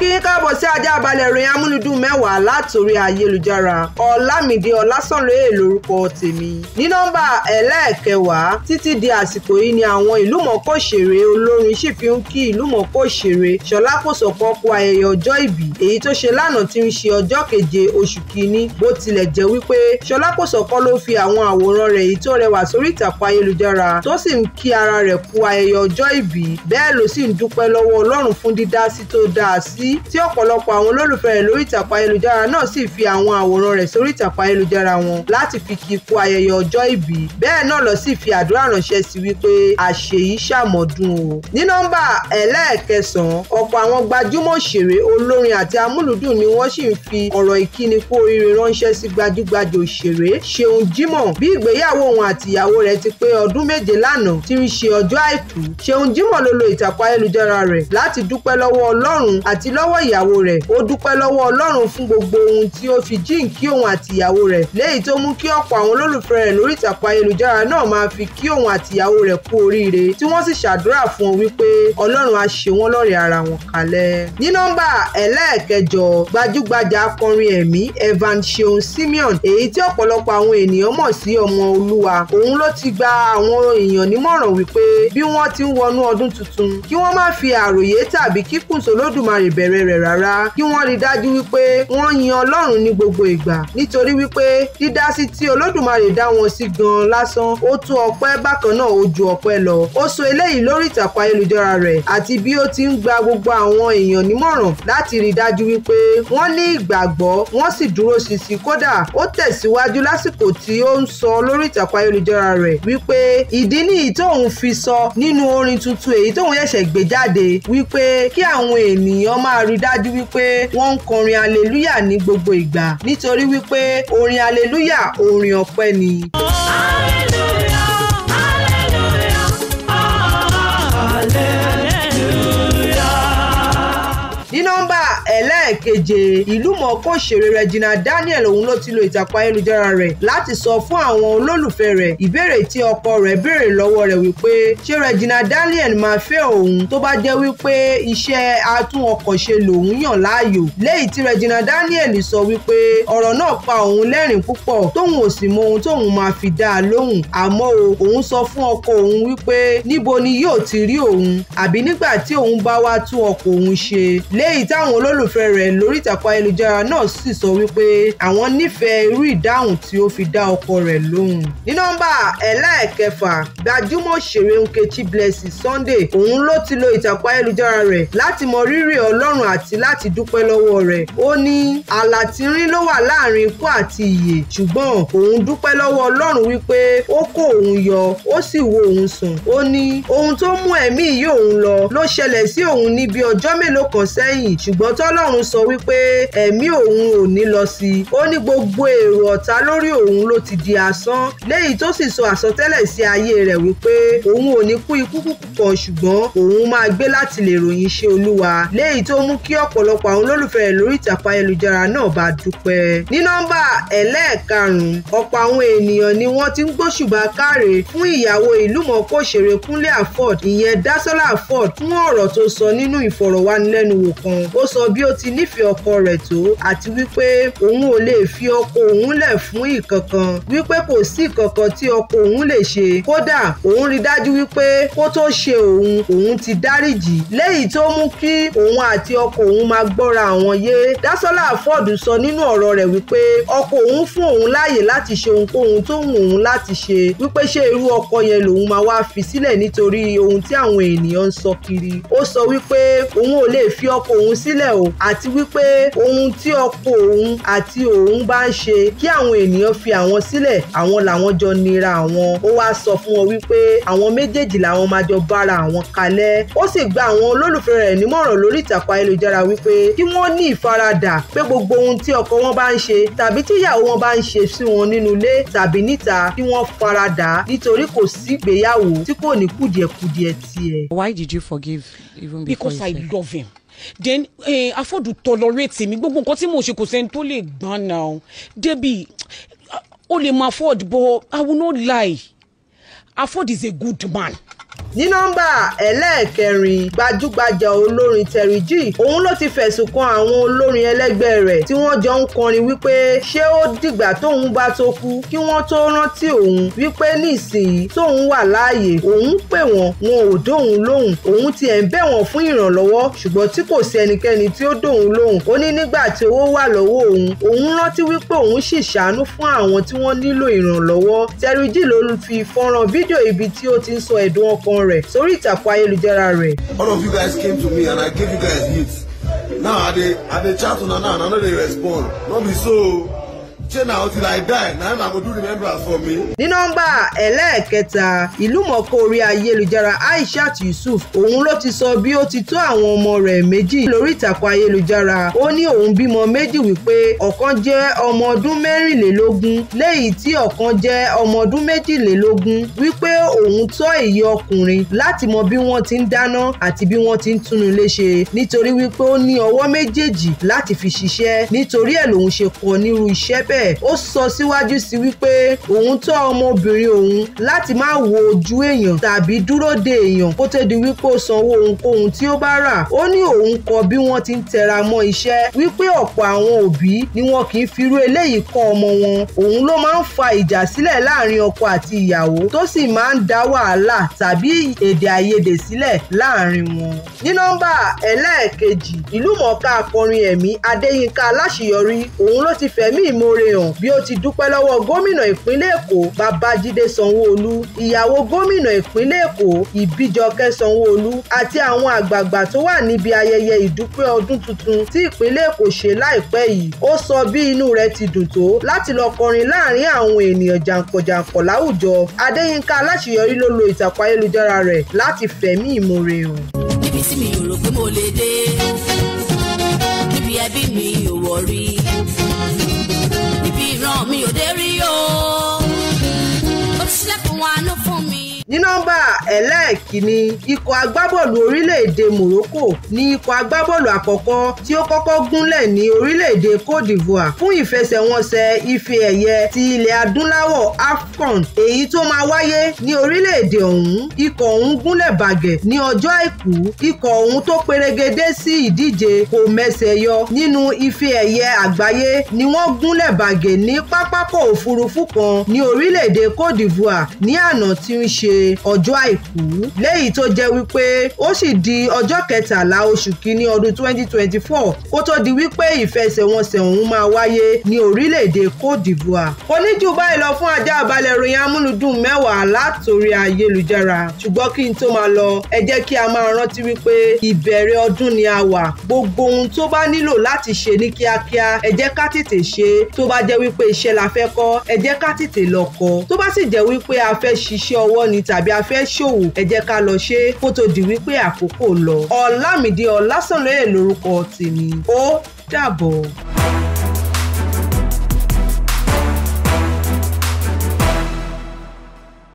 kí n káàbọ̀ sí ajá balẹ̀ ìròyìn amúlùdùn mẹ́wàá látòrí ayélujára ọ̀làmìdí ọ̀làsànlóye lórúkọ tèmi ní nọ́mbà ẹlẹ́ẹ̀kẹwàá títí di àsìkò yìí ni àwọn ìlúmọ̀ọ́ká òṣèré olórin sì fi ń kí ìlúmọ̀ọ́ká òṣèré ṣọlá kòsọ̀kọ́ kú ayẹyẹ ọjọ́ ìbí èyí tó ṣe lánàá tí ń ṣe ọjọ́ keje oṣù kínní bó tilẹ̀ jẹ́ wípé ṣọlá kòsọ̀kọ́ ló fi àwọn àwòrán rẹ̀ èyí tó rẹwà sórí ìtàkùn ayélujára tó sì ń kí ara rẹ̀ kú ayẹyẹ ọjọ́ ìbí bẹ́ẹ̀ ló sì ń dúpẹ́ lọ́wọ́ ọlọ́run fún dídá tó dáa sí sí tí ọ̀pọ̀lọpọ̀ àwọn olólùfẹ́ rẹ̀ lórí ìtàkùn ayélujára náà sì fi àwọn àwòrán rẹ̀ sórí ìtàkùn ayélujára wọn láti fi kí i kú ayẹyẹ ọjọ́ ìbí bẹ́ẹ̀ náà lọ sì fi àdúrà ránṣẹ́ sí wípé àṣeyí ṣàmọ̀dún o. ní nọ́mbà ẹlẹ́ẹ̀kẹsàn-án ọ̀pọ̀ àwọn gbajúmọ̀ òṣèré olórin àti amúlùdùn ni wọ́n sì ń fi ọ̀rọ̀ ìkíni kú oríire ránṣẹ́ sí gbajúgbajù òṣèré Ṣeun Jímọ̀ bí ìgbéyàwó òun àti ìyàwó rẹ̀ ti pé ọdún méje lánàá tí ń ṣe ọjọ́ àìkú Ṣeun Jímọ̀ ló lo ìtàkùn ayélujára rẹ̀ láti dúpẹ́ lọ́wọ́ ìyàwó rẹ̀ ó dúpẹ́ lọ́wọ́ ọlọ́run fún gbogbo ohun tí ó fi jíǹkí òun àti ìyàwó rẹ̀ léyìí tó mú kí ọ̀pọ̀ àwọn olólùfẹ́ rẹ̀ lórí ìtàkùn ayélujára náà máa fi kí òun àti ìyàwó rẹ̀ kú oríire tí wọ́n sì ṣàdúrà fún un wípé ọlọ́run á ṣe wọ́n lọ́rẹ̀ẹ́ ara wọn kalẹ̀. ní nọ́mbà ẹlẹ́ẹ̀kẹjọ gbajúgbajà akọrin ẹ̀mí Evan Seun Simeon èyí tí ọ̀pọ̀lọpọ̀ àwọn ènìyàn mọ̀ sí ọmọ olúwa òun ló ti gba àwọn èèyàn nímọ̀ràn wípé bí wọ́n ti ń wọnú ọdún tuntun kí wọ́n má fi àròyé tàbí kíkùn sólódùmarè bẹ̀rù bẹ̀rẹ̀ rẹ̀ rárá kí wọ́n rí dájú wípé wọ́n yin ọlọ́run ní gbogbo ìgbà nítorí wípé dídásí tí olódùmarè dá wọn sí gan lásán ó tó ọpẹ́ bákan náà ó ju ọpẹ́ lọ ó sọ eléyìí lórí ìtàkùn ayélujára rẹ̀ àti bí ó ti ń gba gbogbo àwọn èèyàn nímọ̀ràn láti rí dájú wípé wọ́n ní ìgbàgbọ́ wọ́n sì dúró ṣinṣin kódà ó tẹ̀síwájú lásìkò tí ó ń sọ lórí ìtàkùn ayélujára rẹ̀ wípé ìdí nìyí tóun fi sọ nínú orin tuntun èyí tóun ṣẹ̀ṣẹ̀ gbé jáde wípé kí àwọn ènìyàn má máa rí dájú wípé wọ́n ń kọrin aleluya ní gbogbo ìgbà nítorí wípé orin aleluya orin ọpẹ́ ni. Oh. ẹlẹ́ẹ̀keje ìlú mọ̀ọ́kọ́ òṣèré Regina Daniel òun ló ti lo ìtàkùn ayélujára rẹ̀ láti sọ fún àwọn olólùfẹ́ rẹ̀ ìbéèrè tí ọkọ rẹ̀ béèrè lọ́wọ́ rẹ̀ wípé ṣé Regina Daniel máa fẹ́ òun tó bá jẹ́ wípé iṣẹ́ atún ọkọ̀ ṣe lòun yàn láàyò léyìí tí Regina Daniel sọ wípé ọ̀rọ̀ náà pa òun lẹ́rìn púpọ̀ tóun ò sì mọ ohun tóun máa fi dá lóhùn àmọ́ o òun sọ fún ọkọ òun wípé níbo ni yóò ti rí òun àbí nígbà tí òun bá wá tún ọkọ̀ òun ṣe léyìí táwọn olólùfẹ́ rẹ̀ rẹ̀ lórí ìtàkùn ayélujára náà sì sọ wípé àwọn nífẹ̀ẹ́ irú ìdáhùn tí ó fi dá ọkọ rẹ̀ lóhùn. ní nọ́mbà ẹlẹ́ẹ̀kẹfà gbajúmọ̀ òṣèré Nkechi Blessing Sunday òun ló ti lo ìtàkùn ayélujára rẹ̀ láti mọ rírì Ọlọ́run àti láti dúpẹ́ lọ́wọ́ rẹ̀ ó ní àlà tínrín ló wà láàrin ikú àti ìyè ṣùgbọ́n òun dúpẹ́ lọ́wọ́ Ọlọ́run wípé ó kó òun yọ ó sì wo òun sùn ó ní ohun tó mú ẹ̀mí yìí òun lọ ló ṣẹlẹ̀ sí òun ní bí mélòó kan sẹ́yìn ṣùgbọ́n tọ́lọ́run sọ wípé ẹ̀mí òun ò ní lọ sí i ó ní gbogbo èrò ọ̀tá lórí òun ló ti di asán léyìí tó sì sọ àsọtẹ́lẹ̀ sí ayé rẹ̀ wípé òun ò ní kú ikú kúkú kan ṣùgbọ́n òun máa gbé láti lè ròyìn iṣẹ́ olúwa léyìí tó mú kí ọ̀pọ̀lọpọ̀ àwọn olólùfẹ́ rẹ̀ lórí ìtàkùn ayélujára náà bá dúpẹ́ ní nọ́mbà ẹlẹ́ẹ̀karùn-ún ọ̀pọ̀ àwọn ènìyàn ni wọ́n ti ń gbóṣùbà káre fún ìyàwó ìlúmọ̀ọ́ká òṣèré Kúnlé Afod ìyẹn Dáṣọ́lá Afod fún ọ̀rọ̀ tó sọ nínú ìfọ̀rọ̀wánilẹ́nuwò kan ó sọ bí ó ti nífẹ̀ẹ́ ọkọ rẹ̀ tó àti wípé òun ò lè fi ọkọ òun lẹ̀ fún ìkankan wípé kò sí ìkankan tí ọkọ òun lè ṣe kódà òun rí dájú wípé kó tó ṣe òun òun ti dáríjì léyìí tó mú kí òun àti ọkọ òun máa gbọ́ra àwọn yé Dásọ́lá Ford sọ nínú ọ̀rọ̀ rẹ̀ wípé ọkọ òun fún òun láàyè láti ṣe ohunkóhun tó wù òun láti ṣe wípé ṣé irú ọkọ yẹn lòun máa wá fi sílẹ̀ nítorí ohun tí àwọn ènìyàn ń sọ kiri ó sọ wípé òun ò lè fi ọkọ òun sílẹ̀ o àti wípé ohun tí ọkọ òun àti òun bá ń ṣe kí àwọn ènìyàn fi àwọn sílẹ̀ àwọn làwọn jọ nira àwọn ó wáá sọ fún wọn wípé àwọn méjèèjì làwọn máa jọ bára àwọn kalẹ̀ ó sì gba àwọn olólùfẹ́ rẹ̀ nímọ̀ràn lórí ìtàkùn ayélujára wípé kí wọ́n ní ìfaradà pé gbogbo ohun tí ọkọ wọn bá ń ṣe tàbí tí ìyàwó wọn bá ń ṣe sí wọn nínú ilé tàbí níta kí wọ́n faradà nítorí kò sí ìgbéyàwó tí kò ní kùdìẹ̀kùdìẹ̀ tiẹ̀. Why did you forgive even because, because I love him then eh, afọ́dù tolerate mi gbogbo nǹkan tí mo ṣe kò sẹ́ni tó lè gbọ́n náà débi o lè máa afford but I will not lie afford is a good man ní nọ́mbà ẹlẹ́ẹ̀kẹrin gbajúgbajà olórin Terry G òun ló ti fẹ̀sùn kan àwọn olórin ẹlẹ́gbẹ́ rẹ̀ tí wọ́n jọ ń kọrin wípé ṣé ó dìgbà tóun bá tó kú kí wọ́n tó rántí òun wípé nísìnyí tóun wà láàyè òun pè wọ́n wọn ò dóun lóhùn òun tiẹ̀ ń bẹ̀ wọ́n fún ìrànlọ́wọ́ ṣùgbọ́n tí kò sí ẹnikẹ́ni tí ó dóun lóhùn ó ní nígbà tí owó wà lọ́wọ́ òun òun rántí wípé òun sì ṣàánú fún àwọn tí wọ́n nílò ìrànlọ́wọ́ Terry ló fi fọ́nrán fídíò ibi tí ó ti ń sọ ẹ̀dùn ọkọ nǹkan rẹ̀ sórí ìtàkùn ayélujára rẹ̀. all of you guys came to me and i gave you guys hits now i dey i dey chat una now and i no dey respond no be so ṣé na until I die na na go do remembrance for me. ní nọ́mbà ẹlẹ́ẹ̀kẹta ìlúmọ̀ọ́ká orí ayélujára Aishat Yusuf òun ló ti sọ bí ó ti tó àwọn ọmọ rẹ̀ méjì lórí ìtàkùn ayélujára ó ní òun bímọ méjì wípé ọ̀kan jẹ́ ọmọ ọdún mẹ́rìnlélógún léyìí tí ọ̀kan jẹ́ ọmọ ọdún méjìlélógún wípé òun tọ́ èyí ọkùnrin láti mọ bí wọ́n ti ń dáná àti bí wọ́n ti ń túnú ilé ṣe nítorí wípé ó ní ọwọ́ méjèèjì láti fi ṣiṣẹ́ bẹ́ẹ̀ ó sọ síwájú sí wípé òun tọ́ ọmọbìnrin òun láti má wo ojú èèyàn tàbí dúró de èèyàn kó tó di wípé ó sanwó ohunkóhun tí ó bá rà ó ní òun kọ bí wọ́n ti ń tẹra mọ́ iṣẹ́ wípé ọ̀pọ̀ àwọn òbí ni wọn kì í firú eléyìí kọ́ ọmọ wọn òun ló máa ń fa ìjà sílẹ̀ láàrin ọkọ àti ìyàwó tó sì máa ń dá wàhálà tàbí èdè àìyedè sílẹ̀ láàrin wọn. ní nọ́mbà ẹlẹ́ẹ̀kejì ìlúmọ̀ọ́ká akọrin ẹ̀mí adéyínká aláṣeyọrí òun ló ti fẹ̀mí ìmoore fihàn bí ó ti dúpẹ́ lọ́wọ́ gómìnà ìpínlẹ̀ èkó babájídé sanwóolu ìyàwó gómìnà ìpínlẹ̀ èkó ìbíjọkẹ́ sanwóolu àti àwọn àgbààgbà tó wà níbi ayẹyẹ ìdúpẹ́ ọdún tuntun tí ìpínlẹ̀ èkó ṣe láìpẹ́ yìí ó sọ bí inú rẹ̀ ti dùn tó láti lọ kọrin láàrin àwọn ènìyàn jàǹkànjàǹkàn láwùjọ adéyínká aláṣeyọrí ló lo ìtàkùn ayélujára rẹ̀ láti fẹ̀mí ìmoore hàn. níbi tí mi ò rò pé mo lè dé níbi ẹbí mi ò wọ̀ me ò dé rí o de ri kìíní ikọ̀ agbábọ́ọ̀lù orílẹ̀-èdè Morocco ní ikọ̀ agbábọ́ọ̀lù àkọ́kọ́ tí ó kọ́kọ́ gúnlẹ̀ ní orílẹ̀-èdè Cote d'Ivoire fún ìfẹsẹ̀wọnsẹ̀ ife ẹ̀yẹ ti ilẹ̀ adúláwọ̀ AFCON èyí tó máa wáyé ní orílẹ̀-èdè ọ̀hún ikọ̀ ọ̀hún gúnlẹ̀ bàgẹ̀ ní ọjọ́ àìkú ikọ̀ ọ̀hún tó perégedé sí ìdíje kò mẹsẹ̀ yọ nínú ife ẹ̀yẹ àgbáyé ni wọ́n gúnlẹ̀ bàgẹ̀ ní pápákọ̀ òfurufú kan ní orílẹ̀-èdè Cote d'Ivoire ní àná tí ń ṣe ọjọ́ àìkú lẹ́yìí tó jẹ́ wípé ó sì di ọjọ́ kẹtàlá oṣù kínní ọdún 2024 kó tó di wípé ìfẹsẹ̀wọnsẹ̀ ọ̀hún máa wáyé ní orílẹ̀-èdè Côte d'Ivoire. kò ní jù báyìí lọ fún ajá àbálẹ̀ ìròyìn amúlùdùn mẹ́wàá látòrí ayélujára ṣùgbọ́n kí n tó máa lọ ẹ jẹ́ kí a máa rántí wípé ìbẹ̀rẹ̀ ọdún ni a wà gbogbo ohun tó bá nílò láti ṣe ní kíákíá ẹ jẹ́ ká tètè ṣe tó bá jẹ́ wípé iṣẹ́ la fẹ́ kọ́ ẹ jẹ́ ká tètè lọ kọ́ tó bá sì jẹ́ wípé a fẹ́ ṣiṣẹ́ ọwọ́ ni tàbí a fẹ́ ṣòwò ẹ jẹ́ ká lọ ṣe kó tó di wípé àkókò lọ ọlámìdí ọlásànlóye lórúkọ tèmi ó dàbọ̀.